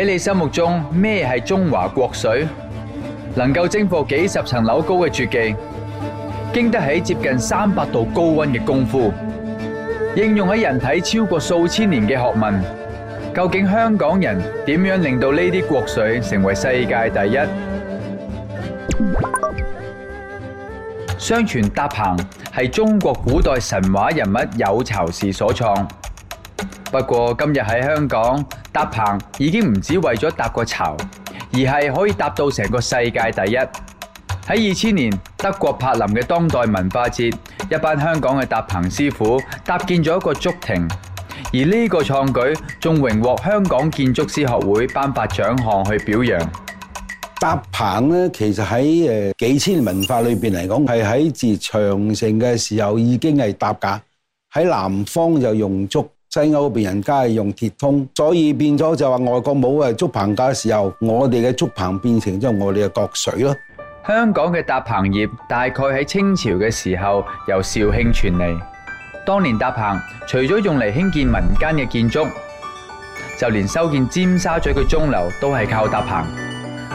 喺你心目中咩係中華國粹？能夠征服幾十層樓高嘅絕技，經得起接近三百度高溫嘅功夫，應用喺人體超過數千年嘅學問，究竟香港人點樣令到呢啲國粹成為世界第一？相傳搭棚係中國古代神話人物有巢氏所創。不過今日喺香港搭棚已經唔止為咗搭個巢，而係可以搭到成個世界第一。喺二千年德國柏林嘅當代文化節，一班香港嘅搭棚師傅搭建咗一個竹亭，而呢個創舉仲榮獲香港建築師學會頒發獎項去表揚。搭棚呢，其實喺誒幾千年文化裏邊嚟講，係喺自長城嘅時候已經係搭架，喺南方就用竹。西歐嗰邊人家係用鐵通，所以變咗就話外國冇啊竹棚架嘅時候，我哋嘅竹棚變成咗，我哋嘅國粹咯。香港嘅搭棚業大概喺清朝嘅時候由肇慶傳嚟。當年搭棚除咗用嚟興建民間嘅建築，就連修建尖沙咀嘅鐘樓都係靠搭棚。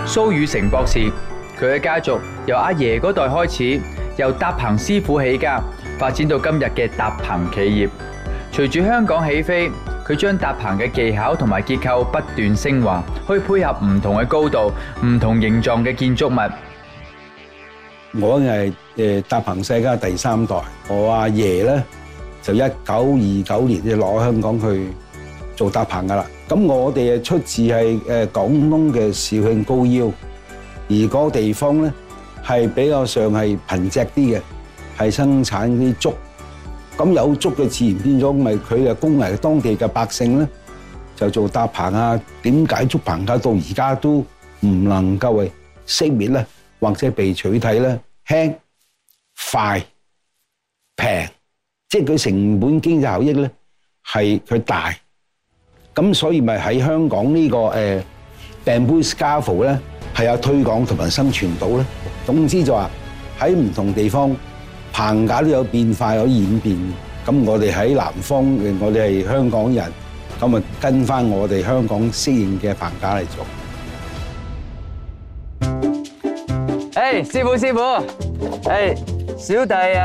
蘇宇成博士，佢嘅家族由阿爺嗰代開始由搭棚師傅起家，發展到今日嘅搭棚企業。隨住香港起飛，佢將搭棚嘅技巧同埋結構不斷升華，可以配合唔同嘅高度、唔同形狀嘅建築物。我係誒搭棚世家第三代，我阿爺咧就一九二九年就攞香港去做搭棚㗎喇。咁我哋啊出自係誒廣東嘅肇慶高要，而嗰個地方咧係比較上係貧瘠啲嘅，係生產啲竹。咁有足嘅自然變咗，咪佢嘅工藝當地嘅百姓咧，就做搭棚啊。點解竹棚架到而家都唔能夠為熄滅咧，或者被取締咧？輕快、平，即係佢成本經濟效益咧，係佢大。咁所以咪喺香港，這個呃、呢個誒 bamboo scaffold 咧，係有推廣同埋生存到咧。總之就話，喺唔同地方，棚架都有變化，有演變。咁我哋喺南方嘅，我哋係香港人，咁啊跟返我哋香港適應嘅棚架嚟做。誒，師傅，師傅，誒，小弟誒，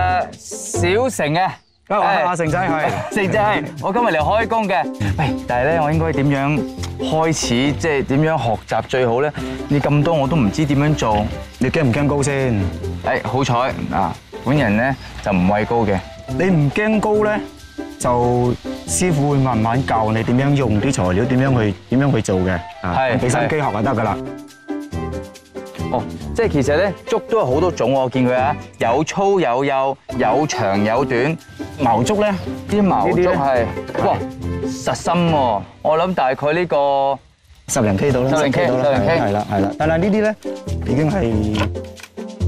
小城嘅，係啊，阿城仔，係，城仔，我今日嚟開工嘅。喂，但係咧，我應該點樣開始，即係點樣學習最好咧？你咁多我都唔知點樣做，你驚唔驚高先？誒，好彩啊！本人咧就唔畏高嘅，你唔驚高咧，就師傅會慢慢教你點樣用啲材料，點樣去點樣去做嘅。係，俾心機學就得噶啦。哦，即係其實咧竹都有好多種，我見佢啊，有粗有幼，有長有短。毛竹咧，啲毛竹係，哇，實心喎。我諗大概呢個十零 K 度啦，十零 K，係啦係啦。但係呢啲咧已經係。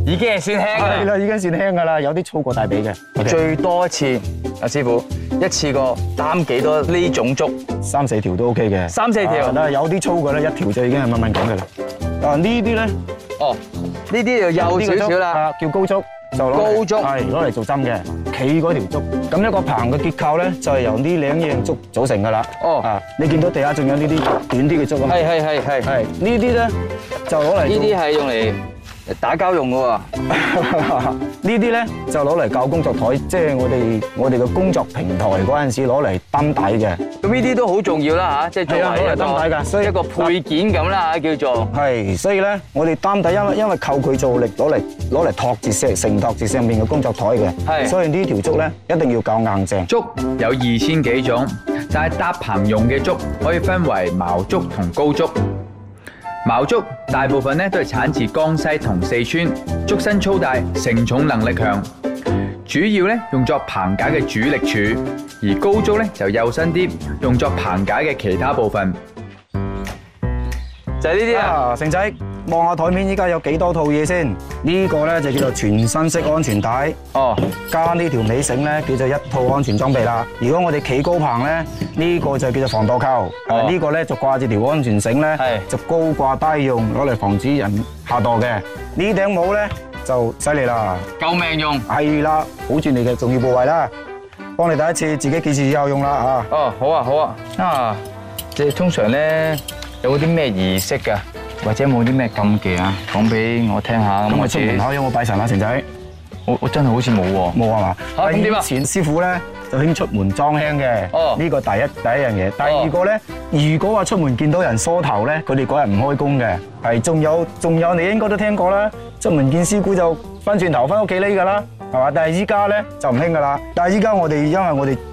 已經係算輕噶啦，已經算輕噶啦，有啲粗過大髀嘅。最多一次，阿師傅一次過擔幾多呢種竹？三四條都 OK 嘅。三四條，啊有啲粗嘅咧，一條就已經係慢慢咁嘅啦。啊呢啲咧，哦呢啲就幼少少啦，叫高竹，就攞高竹係攞嚟做針嘅。企嗰條竹，咁一個棚嘅結構咧就係由呢兩樣竹組成噶啦。哦，你見到地下仲有呢啲短啲嘅竹啊？係係係係，呢啲咧就攞嚟呢啲係用嚟。打膠用嘅喎，呢啲咧就攞嚟搞工作台，即係我哋我哋嘅工作平台嗰陣時攞嚟擔底嘅。咁呢啲都好重要啦吓，即係作為擔底嘅，所以一個配件咁啦吓叫做。係，所以咧我哋擔底因因為靠佢做力攞嚟攞嚟托住石，承托住上面嘅工作台嘅。係，所以呢條竹咧一定要夠硬正。竹有二千幾種，但係搭棚用嘅竹可以分為茅竹同高竹。毛竹大部分咧都係產自江西同四川，竹身粗大，承重能力強，主要咧用作棚架嘅主力柱，而高竹咧就幼身啲，用作棚架嘅其他部分。就係呢啲啊，城仔。望下台面依家有幾多套嘢先？呢個咧就叫做全身式安全帶哦，加呢條尾繩咧，叫做一套安全裝備啦。如果我哋企高棚咧，呢個就叫做防墮扣，呢個咧就掛住條安全繩咧，就高掛低用，攞嚟防止人下墮嘅。呢頂帽咧就犀利啦，救命用係啦，保住你嘅重要部位啦，幫你第一次自己幾次以後用啦啊！哦，好啊好啊，啊，即係通常咧有冇啲咩儀式噶？或者冇啲咩禁忌啊，講俾我聽下。咁我出門口有冇拜神啊，成仔？我我真係好似冇喎。冇係嘛？第二點啊，錢師傅咧就興出門裝香嘅。哦，呢個第一第一樣嘢。第二個咧，哦、如果話出門見到人梳頭咧，佢哋嗰日唔開工嘅。係，仲有仲有，有你應該都聽過啦。出門見師傅就翻轉頭翻屋企匿㗎啦，係嘛？但係依家咧就唔興㗎啦。但係依家我哋因為我哋。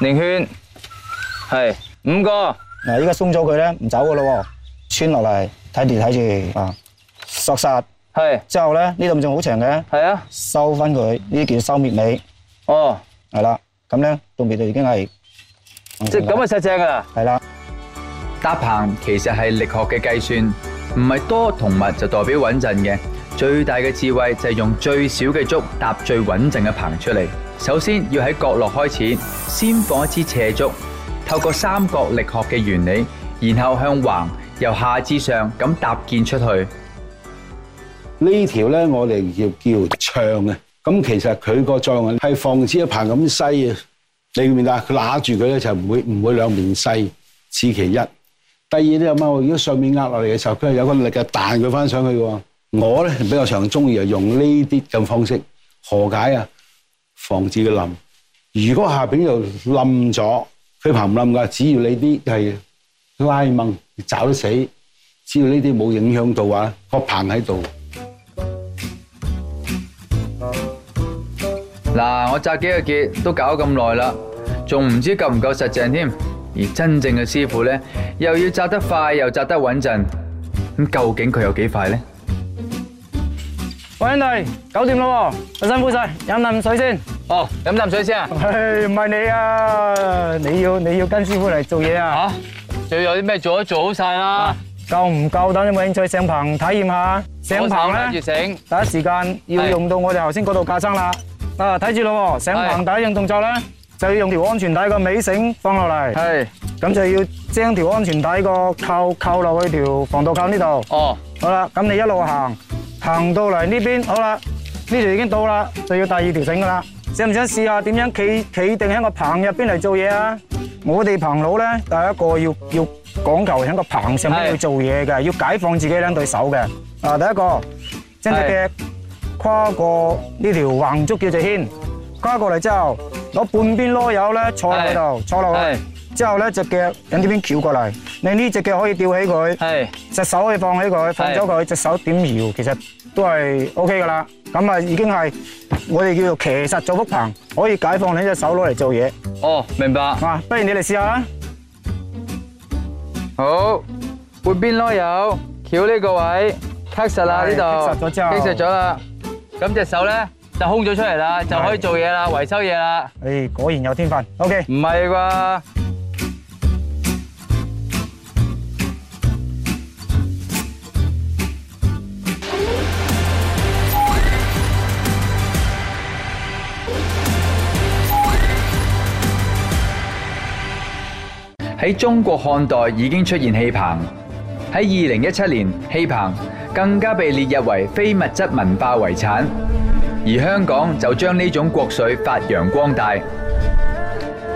擰圈係五個，嗱依家鬆咗佢咧，唔走噶咯，穿落嚟睇住睇住啊，索實係之後咧，呢度仲好長嘅，係啊，收翻佢，呢啲叫收滅尾哦，係啦，咁咧仲變到已經係，即係咁啊，實淨啊，係啦。搭棚其實係力學嘅計算，唔係多同物就代表穩陣嘅，最大嘅智慧就係用最少嘅竹搭最穩陣嘅棚出嚟。首先要喺角落開始，先放一支斜竹，透過三角力學嘅原理，然後向橫由下至上咁搭建出去。呢條咧我哋叫叫長啊。咁其實佢個作用係防止一棚咁細，你明唔明啊？佢揦住佢咧就唔會唔會兩面細，此其一。第二咧有乜？如果上面壓落嚟嘅時候，佢係有個力嘅彈佢翻上去嘅。我咧比較常中意啊用呢啲咁方式何解啊？防止佢冧，如果下邊又冧咗，佢棚冧噶。只要你啲係拉掹，找得死，只要呢啲冇影響到啊，個棚喺度。嗱，我紮幾個結都搞咁耐啦，仲唔知夠唔夠實淨添？而真正嘅師傅咧，又要紮得快，又紮得穩陣。咁究竟佢有幾快咧？我兄弟九點咯，你辛苦晒，飲啖水先。哦，飲啖水先啊？唔係你啊，你要你要跟師傅嚟做嘢啊。吓，仲要有啲咩做都做好晒啦，夠唔夠？有冇興趣上棚體驗下。上棚咧，打住繩，第一時間要用到我哋頭先嗰度架生啦。啊，睇住咯，上棚第一樣動作咧，就要用條安全帶個尾繩放落嚟。係，咁就要將條安全帶個扣扣落去條防盜扣呢度。哦，好啦，咁你一路行。行到嚟呢邊，好啦，呢條已經到啦，就要第二條繩噶啦。想唔想試下點樣企企定喺個棚入邊嚟做嘢啊？我哋棚佬咧，第一個要要講求喺個棚上面去做嘢嘅，要解放自己兩對手嘅。啊，第一個，將隻腳跨過呢條橫竹叫做牽，跨過嚟之後，攞半邊籮柚咧坐喺度，坐落去。之後咧，隻腳喺呢邊翹過嚟，你呢隻腳可以吊起佢，隻手可以放起佢，放咗佢，隻手點搖其實都係 O K 噶啦。咁啊，已經係我哋叫做騎實做福棚，可以解放你一隻手攞嚟做嘢。哦，明白。啊，不如你嚟試下啦。好，半邊籮柚，翹呢個位，卡實啦呢度，卡實咗之後，結實咗啦。咁隻手咧，就空咗出嚟啦，就可以做嘢啦，維修嘢啦。誒，果然有天分。O K，唔係啩？喺中國漢代已經出現氣棚，喺二零一七年氣棚更加被列入為非物質文化遺產，而香港就將呢種國粹發揚光大。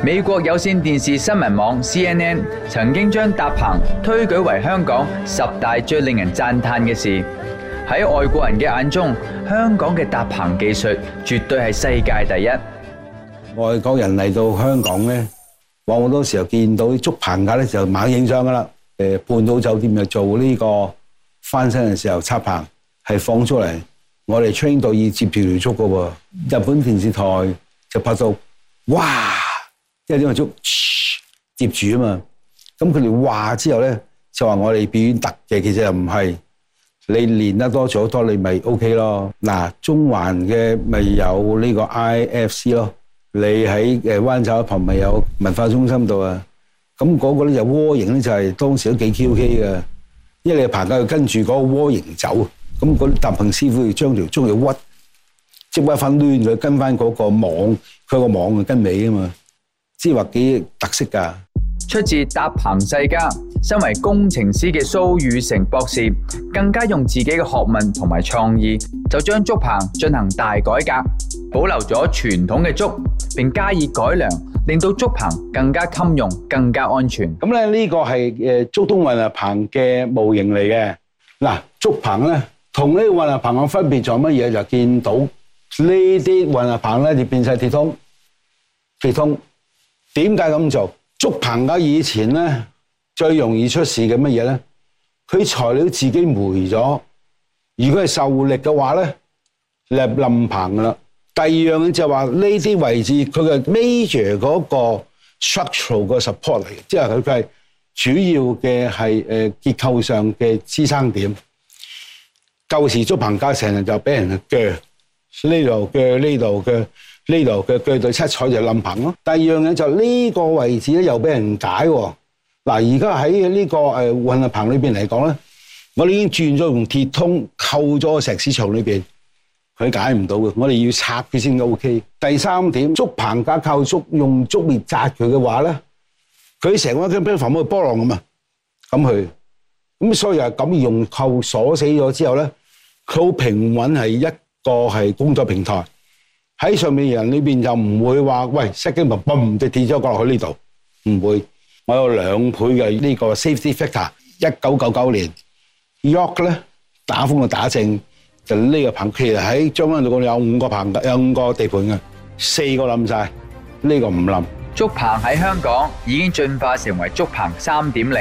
美國有線電視新聞網 CNN 曾經將搭棚推舉為香港十大最令人讚嘆嘅事，喺外國人嘅眼中，香港嘅搭棚技術絕對係世界第一。外國人嚟到香港呢。往往多時候見到啲竹棚架咧，就猛影相噶啦。半島酒店又做呢個翻身嘅時候插棚，係放出嚟，我哋 train 到要接條竹噶喎。日本電視台就拍到，哇！即係啲竹接住啊嘛。咁佢哋話之後咧，就話我哋表演特技，其實又唔係。你練得多，咗，多，你咪 OK 咯。嗱，中環嘅咪有呢個 IFC 咯。你喺誒灣仔旁邊咪有文化中心度啊，咁嗰個咧就窩形咧，就係當時都幾 Q K 噶。因為你棚架要跟住嗰個窩形走，咁嗰搭棚師傅要將條竹要屈，即屈翻攣咗，跟翻嗰個網，佢個網啊跟尾啊嘛，即係話幾特色㗎。出自搭棚世家，身為工程師嘅蘇宇成博士，更加用自己嘅學問同埋創意，就將竹棚進行大改革，保留咗傳統嘅竹。並加以改良，令到竹棚更加襟用、更加安全。咁咧呢個係誒竹通混合棚嘅模型嚟嘅。嗱，竹棚咧同呢個混合棚嘅分別在乜嘢？就見到呢啲混合棚咧就變晒鐵通，鐵通點解咁做？竹棚啊，以前咧最容易出事嘅乜嘢咧？佢材料自己霉咗，如果係受力嘅話咧，就冧棚噶啦。第二樣嘢就話呢啲位置佢嘅 major 嗰個 structural 個 support 嚟嘅，即係佢佢係主要嘅係誒結構上嘅支撐點。舊時竹棚架成日就俾人鋸呢度鋸呢度嘅呢度嘅鋸到七彩就冧棚咯。第二樣嘢就呢個位置咧又俾人解喎。嗱，而家喺呢個誒、呃、混合棚呢邊嚟講咧，我哋已經轉咗用鐵通扣咗個石屎牆裏面。佢解唔到嘅，我哋要拆佢先 OK。第三點，竹棚架靠竹用竹嚟紮佢嘅話咧，佢成個 building 房屋波浪咁啊，咁佢。咁所以又咁用扣鎖死咗之後咧，佢好平穩，係一個係工作平台。喺上面人呢邊就唔會話喂，set building 嘣就跌咗落去呢度，唔會。我有兩倍嘅呢個 safety factor。一九九九年，York 咧打風就打正。就呢個棚，其實喺將軍澳度講有五個棚嘅，有五個地盤嘅，四個冧曬，呢個唔冧。竹棚喺香港已經進化成為竹棚三點零，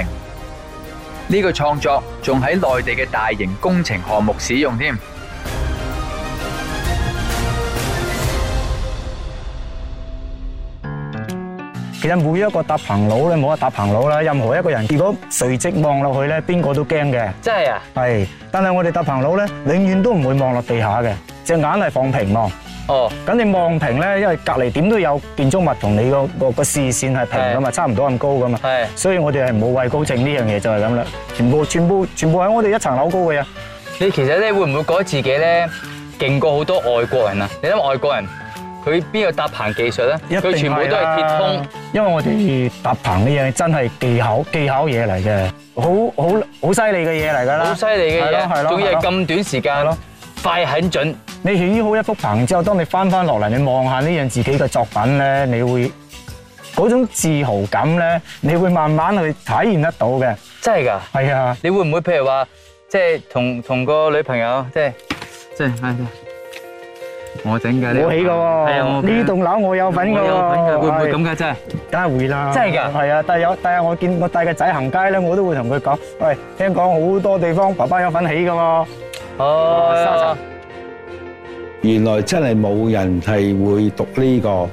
呢個創作仲喺內地嘅大型工程項目使用添。其實每一個搭棚佬咧，冇話搭棚佬啦，任何一個人，如果垂直望落去咧，邊個都驚嘅。真係啊！係，但係我哋搭棚佬咧，永遠都唔會望落地下嘅，隻眼係放平望。哦。咁你望平咧，因為隔籬點都有建築物，同你個個個視線係平噶嘛，差唔多咁高噶嘛。係。所以我哋係冇畏高症呢樣嘢就係咁啦，全部全部全部喺我哋一層樓高嘅。你其實咧會唔會覺得自己咧勁過好多外國人啊？你諗外國人？佢邊個搭棚技術咧？佢一定全部都係鐵通，啊，因為我哋搭棚呢樣真係技巧技巧嘢嚟嘅，好好好犀利嘅嘢嚟噶啦，好犀利嘅嘢，係咯仲要係咁係咯短時間，係咯快狠、準。你完成好一幅棚之後，當你翻翻落嚟，你望下呢樣自己嘅作品咧，你會嗰種自豪感咧，你會慢慢去體驗得到嘅。真係噶？係啊！你會唔會譬如話，即係同同個女朋友，即係即係係。我整噶，我起噶，係啊！呢棟樓我有份噶，會唔會咁噶？真係梗係會啦，真係噶，係啊！但係有，但係我見我帶個仔行街咧，我都會同佢講：，喂，聽講好多地方爸爸有份起噶嘛？哦，原來真係冇人係會讀呢個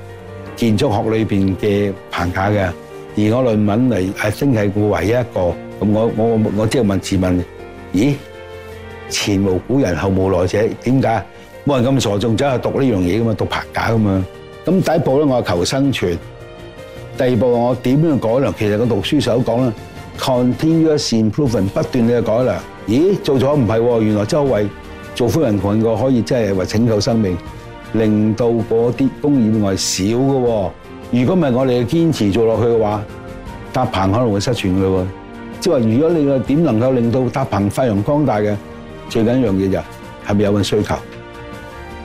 建築學裏邊嘅棚架嘅，而我論文嚟係真係會唯一一個。咁我我我即係問自問：，咦，前無古人後無來者，點解？冇人咁傻，仲走去讀呢樣嘢噶嘛？讀棚架噶嘛？咁第一步咧，我係求生存；第二步，我點樣去改良？其實個讀書時講講啦，continuous improvement 不斷嘅改良。咦，做咗唔係，原來周圍做富人群個可以即係話拯救生命，令到嗰啲公污係少喎。如果唔係我哋要堅持做落去嘅話，搭棚可能會失傳喎。即係話，如果你個點能夠令到搭棚發揚光大嘅，最緊要樣嘢就係咪有個需求？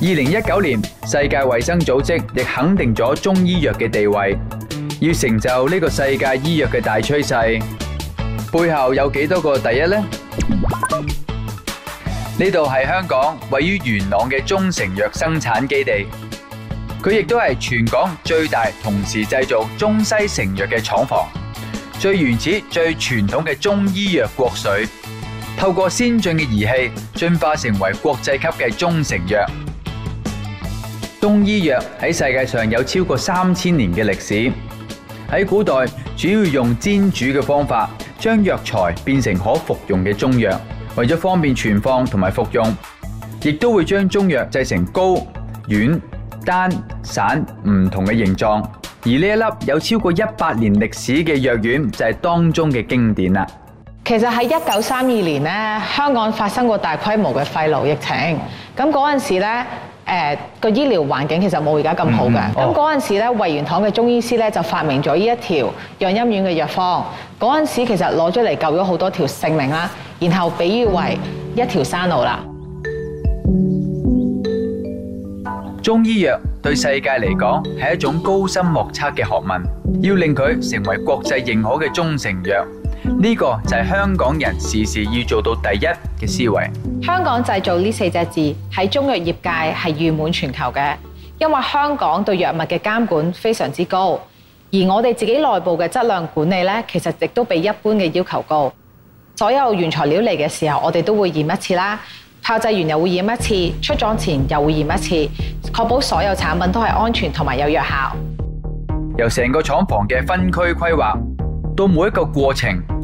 二零一九年，世界衛生組織亦肯定咗中醫藥嘅地位。要成就呢個世界醫藥嘅大趨勢，背後有幾多個第一呢？呢度係香港位於元朗嘅中成藥生產基地，佢亦都係全港最大同時製造中西成藥嘅廠房。最原始、最傳統嘅中醫藥國粹，透過先進嘅儀器進化成為國際級嘅中成藥。中醫藥喺世界上有超過三千年嘅歷史，喺古代主要用煎煮嘅方法將藥材變成可服用嘅中藥。為咗方便存放同埋服用，亦都會將中藥製成膏、丸、丹、散唔同嘅形狀。而呢一粒有超過一百年歷史嘅藥丸就係當中嘅經典啦。其實喺一九三二年呢，香港發生過大規模嘅肺癆疫情，咁嗰陣時呢。誒個醫療環境其實冇而家咁好嘅，咁嗰陣時咧，位元堂嘅中醫師咧就發明咗呢一條養陰丸嘅藥方，嗰陣時其實攞出嚟救咗好多條性命啦，然後比喻為一條山路啦。中醫藥對世界嚟講係一種高深莫測嘅學問，要令佢成為國際認可嘅中成藥。呢個就係香港人事事要做到第一嘅思維。香港製造呢四隻字喺中藥業界係譽滿全球嘅，因為香港對藥物嘅監管非常之高，而我哋自己內部嘅質量管理咧，其實亦都比一般嘅要求高。所有原材料嚟嘅時候，我哋都會驗一次啦；炮製完又會驗一次，出廠前又會驗一次，確保所有產品都係安全同埋有藥效。由成個廠房嘅分區規劃到每一個過程。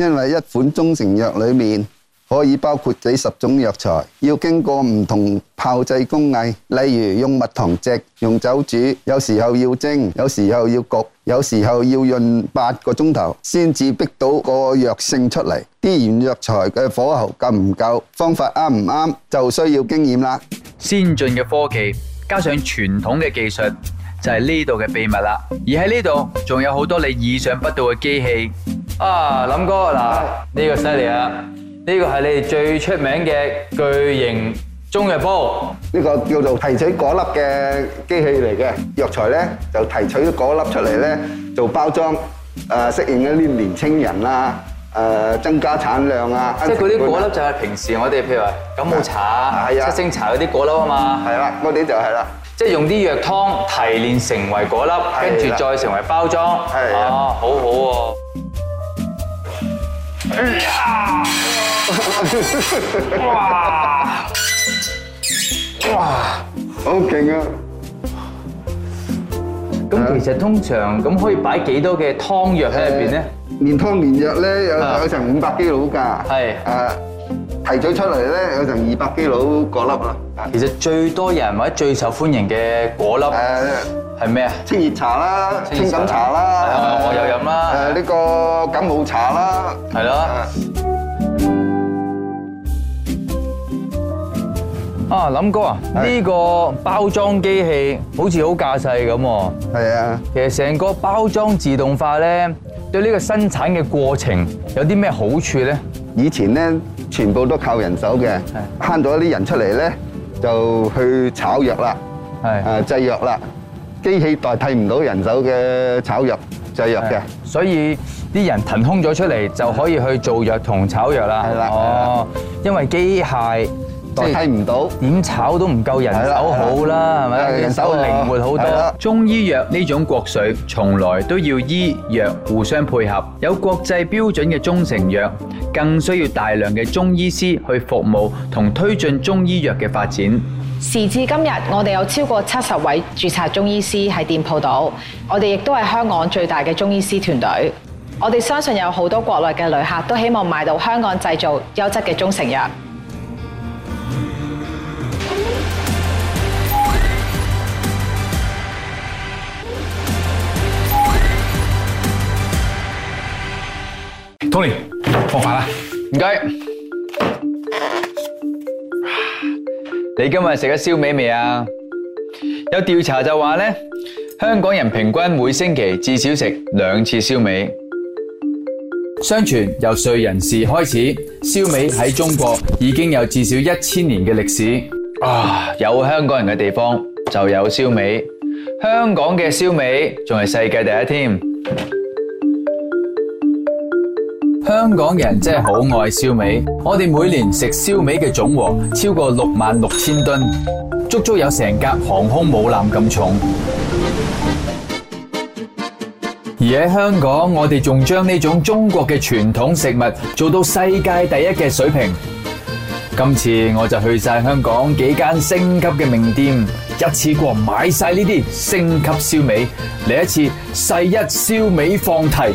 因為一款中成藥裏面可以包括幾十種藥材，要經過唔同炮製工藝，例如用蜜糖漬、用酒煮，有時候要蒸，有時候要焗，有時候要潤八個鐘頭，先至逼到個藥性出嚟。啲原藥材嘅火候夠唔夠，方法啱唔啱，就需要經驗啦。先進嘅科技加上傳統嘅技術。就係呢度嘅秘密啦，而喺呢度仲有好多你意想不到嘅機器啊。林哥嗱，呢個犀利啦，呢個係你哋最出名嘅巨型中藥煲？呢個叫做提取果粒嘅機器嚟嘅，藥材咧就提取咗果粒出嚟咧做包裝，誒，適應一啲年青人啦，誒，增加產量啊。即係嗰啲果粒就係平時我哋譬如話感冒茶、七星茶嗰啲果粒啊嘛？係啦，嗰啲就係啦。即係用啲藥湯提煉成為果粒，跟住對了 再成為包裝。係對了 啊，好好喎，啊。哇！哇！好勁啊！咁其實通常咁可以擺幾多嘅湯藥喺入邊咧？面湯面藥咧有有成五百幾公斤㗎。係啊。提取出嚟咧有成二百幾種果粒咯。其實最多人或者最受歡迎嘅果粒，誒係咩啊？清熱茶啦，清感茶啦，我又飲啦。誒呢個感冒茶啦，係咯。啊，林哥啊，呢個包裝機器好似好架勢咁喎。係啊，其實成個包裝自動化咧，對呢個生產嘅過程有啲咩好處咧？以前咧。全部都靠人手嘅，慳咗啲人出嚟咧，就去炒藥啦，係啊製藥啦，機器代替唔到人手嘅炒藥製藥嘅，所以啲人騰空咗出嚟就可以去做藥同炒藥啦，係啦，哦，因為機械。即係睇唔到，點炒都唔夠人手好啦，係咪了？了人手，了人手靈活好多。了中醫藥呢種國粹，從來都要醫藥互相配合。有國際標準嘅中成藥，更需要大量嘅中醫師去服務同推進中醫藥嘅發展。時至今日，我哋有超過七十位註冊中醫師喺店鋪度，我哋亦都係香港最大嘅中醫師團隊。我哋相信有好多國內嘅旅客都希望買到香港製造優質嘅中成藥。Tony，放飯啦！唔該。你今日食咗燒味未啊？有調查就話咧，香港人平均每星期至少食兩次燒味。相傳由隋人士開始，燒味喺中國已經有至少一千年嘅歷史。啊，有香港人嘅地方就有燒味，香港嘅燒味仲係世界第一添。香港人真係好愛燒味，我哋每年食燒味嘅總和超過六萬六千噸，足足有成架航空母艦咁重。而喺香港，我哋仲將呢種中國嘅傳統食物做到世界第一嘅水平。今次我就去晒香港幾間星級嘅名店，一次過買晒呢啲星級燒味，嚟一次世一燒味放題。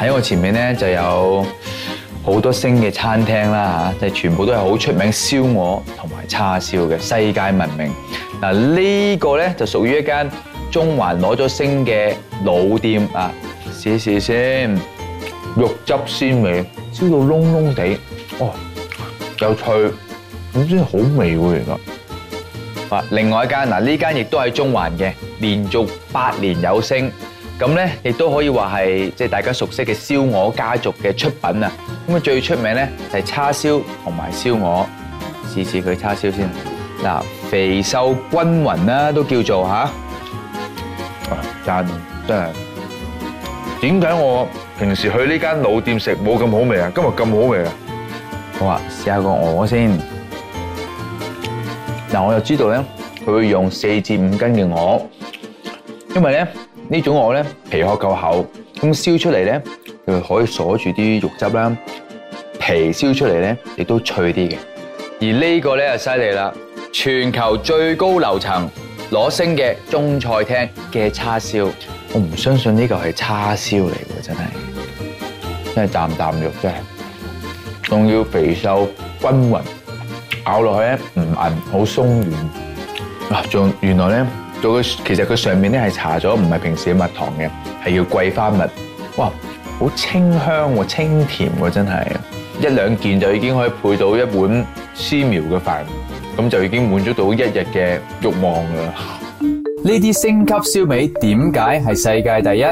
喺我前面呢就有好多星嘅餐廳啦嚇，即，就是，全部都係好出名燒鵝同埋叉燒嘅，世界聞名。嗱、這、呢個呢就屬於一間中環攞咗星嘅老店啊！試一試先，肉汁鮮味，燒到燶燶地，哦，有脆，真係好味喎而家。啊，另外一間嗱，呢間亦都係中環嘅，連續八年有星。咁咧，亦都可以話係即係大家熟悉嘅燒鵝家族嘅出品啊！咁啊，最出名咧就係叉燒同埋燒鵝。試試佢叉燒先。嗱，肥瘦均勻啦，都叫做吓。真，真。點解我平時去呢間老店食冇咁好味啊？今日咁好味啊！我試下個鵝先。嗱，我又知道咧，佢會用四至五斤嘅鵝，因為咧。這種呢種鵝咧皮殼夠厚，咁燒出嚟咧，佢可以鎖住啲肉汁啦。皮燒出嚟咧，亦都脆啲嘅。而這個呢個咧就犀利啦！全球最高樓層攞星嘅中菜廳嘅叉燒，我唔相信呢個係叉燒嚟㗎，真係真係啖啖肉，真係仲要肥瘦均勻，咬落去咧唔韌，好鬆軟。啊，仲原來咧～到其實佢上面咧係搽咗，唔係平時嘅蜜糖嘅，係要桂花蜜，哇，好清香喎，清甜喎，真係一兩件就已經可以配到一碗絲苗嘅飯，咁就已經滿足到一日嘅慾望啦。呢啲升級燒味點解係世界第一？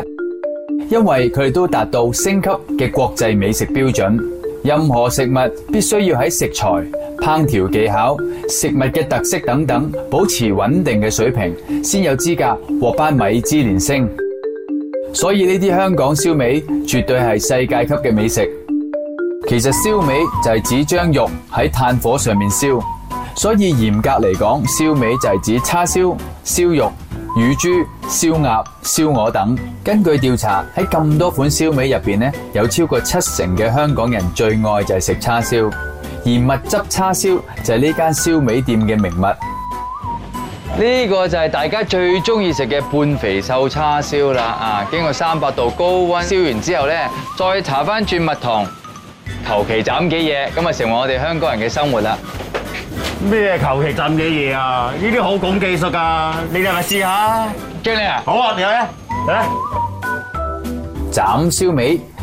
因為佢哋都達到升級嘅國際美食標準，任何食物必須要喺食材、烹調技巧、食物嘅特色等等，保持穩定嘅水平，先有資格獲頒米芝蓮星。所以呢啲香港燒味絕對係世界級嘅美食。其實燒味就係指將肉喺炭火上面燒，所以嚴格嚟講，燒味就係指叉燒、燒肉、乳豬、燒鴨、燒鵝等。根據調查喺咁多款燒味入邊呢，有超過七成嘅香港人最愛就係食叉燒。而蜜汁叉燒就係呢間燒味店嘅名物，呢個就係大家最中意食嘅半肥瘦叉燒啦。啊，經過三百度高温燒完之後咧，再搽翻轉蜜糖，求其斬幾嘢，咁啊成為我哋香港人嘅生活啦。咩求其斬幾嘢啊？呢啲好講技術噶，你哋咪試下，經理啊，好啊，嚟啦，嚟啦，斬燒味。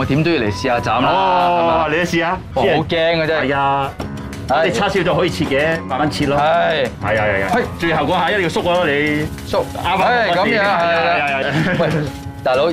我點都要嚟試下斬啊！你嚟試下，好驚㗎。真係啊！你叉燒就可以切嘅，慢慢切咯。係係係係。最後嗰下一定要縮啊你！縮啱嘛，係咁樣係喂，大佬。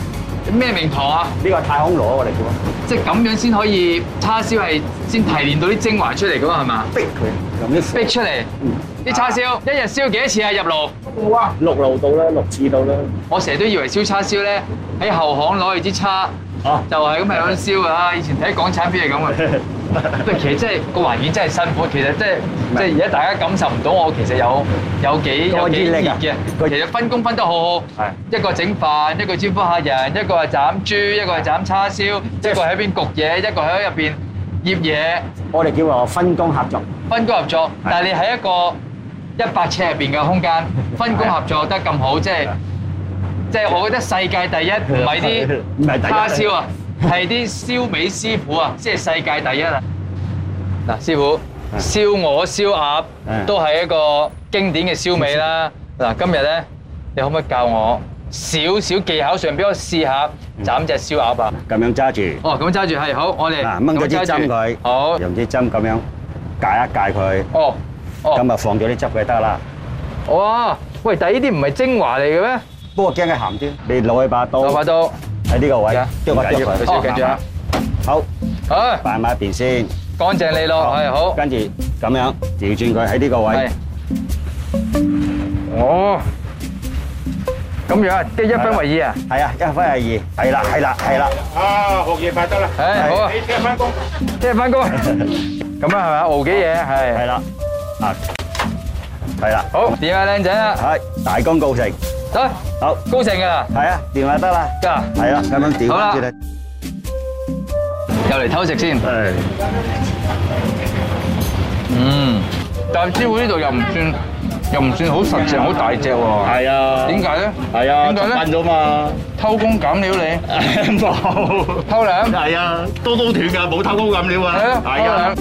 咩名堂啊？呢個係太空爐，我哋叫。即係咁樣先可以叉燒係先提煉到啲精華出嚟㗎嘛？係嘛？逼佢咁樣逼出嚟，啲叉燒、啊、一日燒幾多次啊？入爐六啊，六爐到啦，六次到啦。我成日都以為燒叉燒咧，喺後巷攞嚟支叉，啊，就係咁喺咁燒㗎啦。以前睇港產片係咁嘅。啊 唔係，其實即係個環境真係辛苦，其實即係即係而家大家感受唔到我其實有有幾有幾熱嘅。個其實分工分得好好。係一個整飯，一個招呼客人，一個係斬豬，一個係斬叉燒，一個喺邊焗嘢，一個喺入邊醃嘢。我哋叫個分工合作。分工合作，但係你喺一個一百尺入邊嘅空間，分工合作得咁好，即係即係我覺得世界第一，唔係啲唔係叉燒啊。係啲燒味師傅啊，即係世界第一啊！嗱，師傅，燒鵝、燒鴨都係一個經典嘅燒味啦。嗱，今日咧，你可唔可以教我少少技巧上俾我試下斬隻燒鴨啊？咁樣揸住。哦，咁揸住係好，我哋掹嗰支針佢，好用支針咁樣界一界佢。哦，咁啊，放咗啲汁佢得啦。哇，喂，但係呢啲唔係精華嚟嘅咩？不過驚佢鹹啲。你攞起把刀。把刀。喺呢個位，叫我接佢，記住啊！好，哎，擺埋一邊先，乾淨利落，係好。跟住咁樣調轉佢喺呢個位。哦，咁樣啊，即係一分為二啊。係啊，一分為二，係啦，係啦，係啦。啊，學嘢快得啦。哎，好啊，聽日翻工，聽日翻工，咁啊，係咪啊，熬幾夜，係。係啦，啊，係啦。好，點啊，靚仔啊，係，大功告成。得，好高正噶啦，係啊，掂下得啦，家下係啦，啱啱接住你，又嚟偷食先，係，嗯，但師傅呢度又唔算，又唔算好實淨，好大隻喎，係啊，點解咧？係啊，點解咧？笨咗嘛？偷工減料你？冇，偷糧？係啊，刀刀斷噶，冇偷工減料啊，係啊，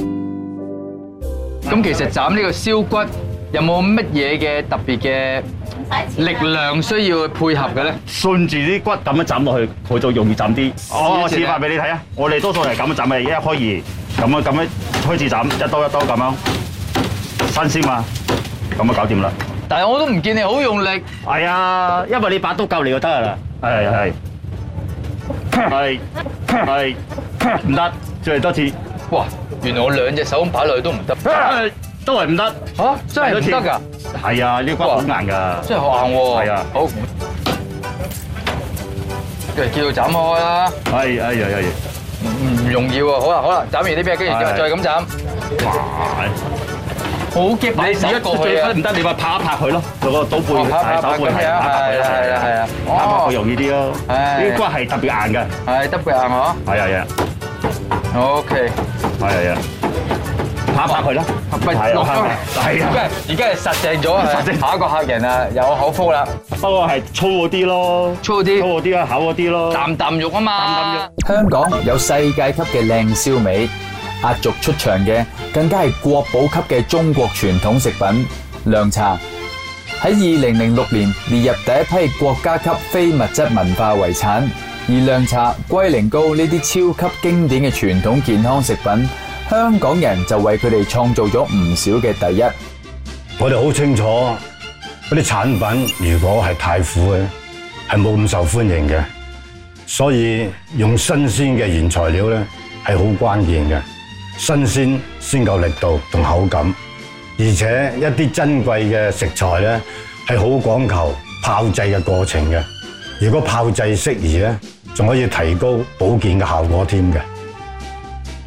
咁其實斬呢個燒骨有冇乜嘢嘅特別嘅？力量需要配合嘅咧，順住啲骨咁樣斬落去，佢就容易斬啲。哦，我示範俾你睇啊！我哋多數係咁樣斬嘅，一開二，咁樣咁樣開始斬，一刀一刀咁樣，新鮮嘛，咁就搞掂啦。但係我都唔見你好用力。係啊，因為你把刀夠你就得啦。係係係係，唔得，再嚟多次。哇！原來我兩隻手咁擺落去都唔得。都係唔得，嚇真係唔得噶，係啊呢骨好硬噶，真係好硬喎，係啊好，嚟叫佢斬開啦，係係啊係啊，唔容易喎，好啦好啦，斬完呢邊跟住之後再咁斬，唔係，好激你試一個，唔得你咪拍一拍佢咯，做個刀背、手背，拍一拍佢咯，係啊係啊，拍一拍會容易啲咯，呢骨係特別硬㗎，係特別硬嗬，係啊係啊，OK，係啊係啊。打佢啦，係啊，而家係實淨咗啊！下一個客人啊，有口福啦。不過係粗啲咯，粗啲，粗啲啊，厚啲咯，啖啖肉啊嘛。香港有世界級嘅靚燒味，壓軸出場嘅更加係國寶級嘅中國傳統食品——涼茶。喺二零零六年列入第一批國家級非物質文化遺產，而涼茶、龜苓膏呢啲超級經典嘅傳統健康食品，香港人就為佢哋創造咗唔少嘅第一。我哋好清楚嗰啲產品如果係太苦咧，係冇咁受歡迎嘅。所以用新鮮嘅原材料咧係好關鍵嘅，新鮮先夠力度同口感。而且一啲珍貴嘅食材咧係好講求炮製嘅過程嘅。如果炮製適宜咧，仲可以提高保健嘅效果添嘅。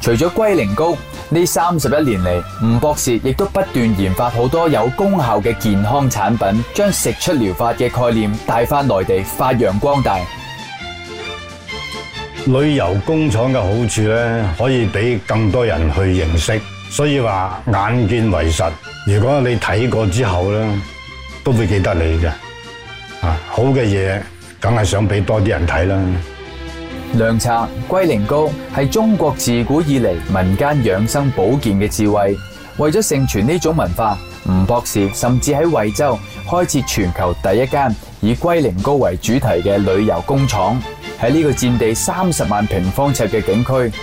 除咗龜苓膏呢三十一年嚟，吳博士亦都不斷研發好多有功效嘅健康產品，將食出療法嘅概念帶返內地發揚光大。旅遊工廠嘅好處呢，可以畀更多人去認識，所以話眼見為實。如果你睇過之後呢，都會記得你嘅。好嘅嘢，梗係想畀多啲人睇啦。涼茶、龜苓膏係中國自古以嚟民間養生保健嘅智慧。為咗盛傳呢種文化，吳博士甚至喺惠州開設全球第一間以龜苓膏為主題嘅旅遊工廠。喺呢個佔地三十萬平方尺嘅景區，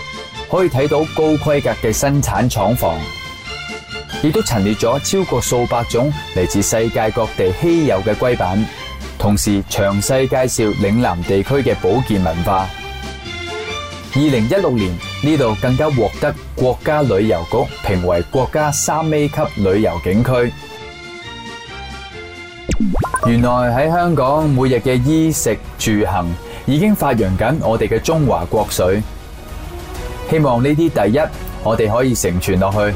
可以睇到高規格嘅生產廠房，亦都陳列咗超過數百種嚟自世界各地稀有嘅龜板，同時詳細介紹嶺南地區嘅保健文化。二零一六年呢度更加獲得國家旅遊局評為國家三 A 級旅遊景區。原來喺香港每日嘅衣食住行已經發揚緊我哋嘅中華國粹。希望呢啲第一我哋可以承傳落去。